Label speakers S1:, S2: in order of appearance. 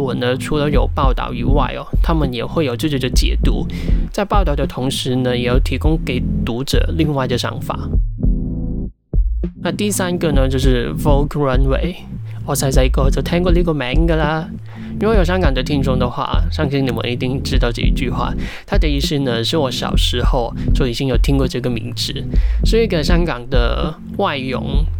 S1: 我呢，除了有報道以外，哦，他們也會有自己的解讀。在報道的同時呢，也要提供給讀者另外的想法。那第三個呢，就是 Vogue Runway，我細細個就聽過呢個名噶啦。如果有香港的聽眾的話，相信你們一定知道這一句話。它的意思呢，是我小時候就已經有聽過這個名字，是一個香港的外傭。